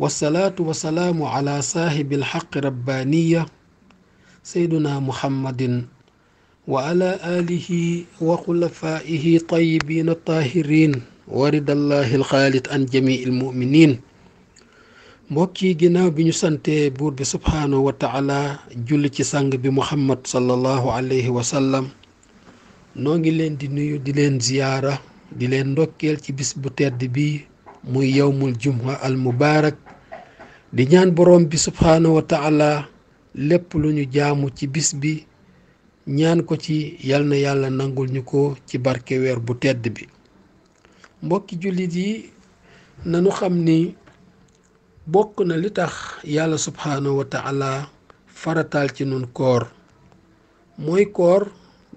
wasalaatu wasalaamu ala saaxibi alxaqi rabbaaniya sayduna muhammadin wa ala alihi wa xulafaihi tayibiina tahirin wa ridallahi alxaalit an jamii almuminin mbokk yi ginnaaw bi ñu sante buur bi subhaanahu wa taala julli ci sang bi mu sallallahu alayhi noo ngi leen di nuyu di leen ziyaara di leen ndokkeel ci bis bu bi muy yowmul jumha al mubaarak di ñaan borom bi subhaanahu lépp lu ñu jaamu ci bis bi ñaan ko ci yal na yàlla nangul ñu ko ci barke bu tedd bi mbokki jullit yi nanu xam ni bokk na li tax yàlla subhaanahu wa taala farataal ci nun koor mooy koor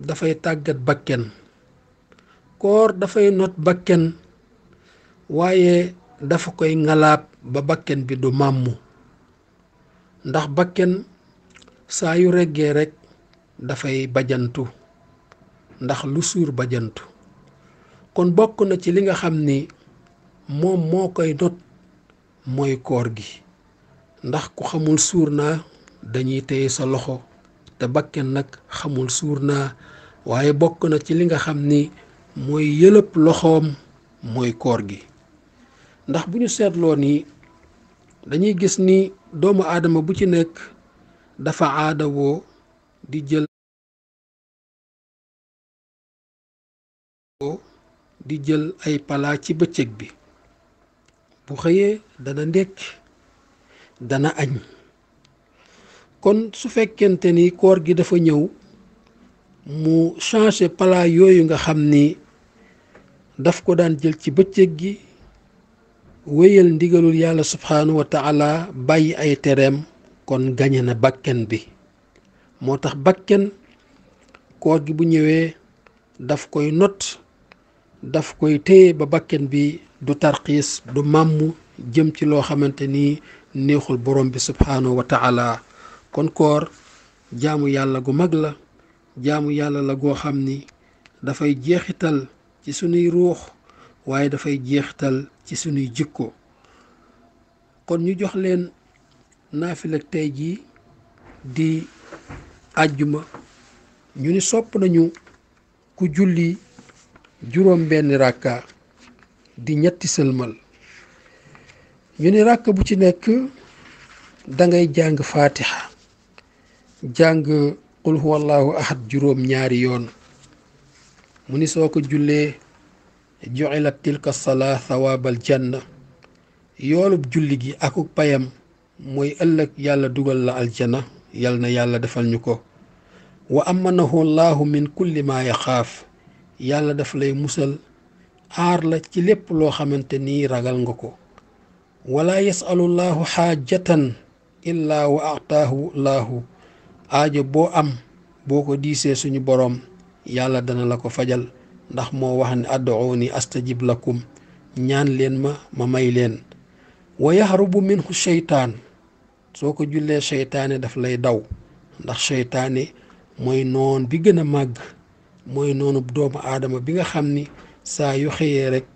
dafay tàggat bakken koor dafay not bakken waaye dafa koy ngalaab ba bakken bi du màmmu ndax bakken saa yu reggee rekk dafay bajantu ndax lu suur bajantu kon bokk na ci li nga xam ni moom moo koy not mooy koor gi ndax ku xamul suur naa dañuy téye sa loxo te bakken nag xamul suur naa waaye bokk na ci li nga xam ni mooy yëlëb loxoom mooy koor gi ndax buñu ñu seetloo ni dañuy gis ni doomu aadama bu ci nekk dafa aada woo di jël di jël ay pala ci bëccëg bi bu xëyee dana ndekki dana añ kon su fekkente ni koor gi dafa ñëw mu changé pala yooyu nga xam ni daf ko daan jël ci bëccëg gi wéyal ndigalul yàlla subhaanahu wa taala bàyyi ay tereem kon gañe na bakken bi moo tax bakken koor gi bu ñëwee daf koy nott daf koy téye ba bakken bi du tarxiis du màmm jëm ci loo xamante ni neexul borom bi subhaanahu wa taala kon koor jaamu yàlla gu mag la jaamu yàlla la goo xam ni dafay jeexital ci sunuy ruux waaye dafay jeextal ci sunuy jikko kon ñu jox leen naafila tey di àjjuma ñu ni sopp nañu ku julli juróom benn ràkka di ñetti sëlmal ñu ni ràkk bu ci nekk da ngay jàng faatiha jàng qul huwallahu ahad juróom ñaari yoon mu ni soo ko jullee ju'ilat tilka salaa sawaabal janna yoolub julli gi akuk payam mooy ëllëg yàlla dugal la aljana yàlla na yàlla defal ñu ko wa amanahu laahu min kulli maa yaxaaf yàlla daf lay musal aar la ci lépp loo xamante ni ragal nga ko wala yasalu laahu xaajatan illaa wa ataahu laahu aajo boo am boo ko diisee suñu boroom yàlla dana la ko fajal ndax moo wax ne ad'uuni astajib lakum ñaan leen ma ma may leen wa yaxrubu minhu seytaan soo ko jullee seytaane daf lay daw ndax seytaane mooy noon bi gën a màgg mooy noonu doomu aadama bi nga xam ni saa yu xëyee rekk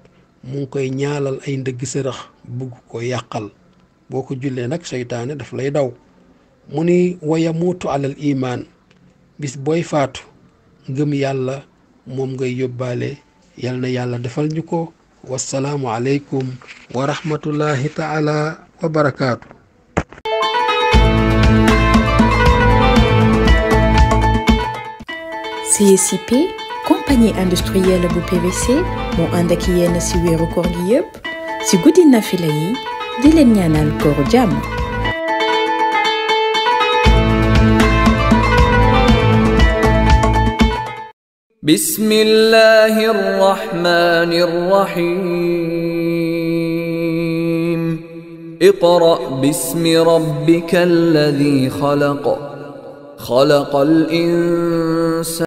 mu ngi koy ñaalal ay ndëgg sërëx bugg ko yàqal boo ko jullee nag seytaane daf lay daw mu ni wa yamuutu alal imaan bis booy faatu ngëm yàlla mom ngay yobale yal na yàlla defal ñuko ko wasalaamu aleykum wa rahmatullahi taala wa barakatuh CICP compagnie industrielle bu PVC mo ande ak yéen ci wéeru koor gi yépp ci guddi fi lay di len ñaanal kooru jamm. بسم الله الرحمن الرحيم اقرأ باسم ربك الذي خلق خلق الإنسان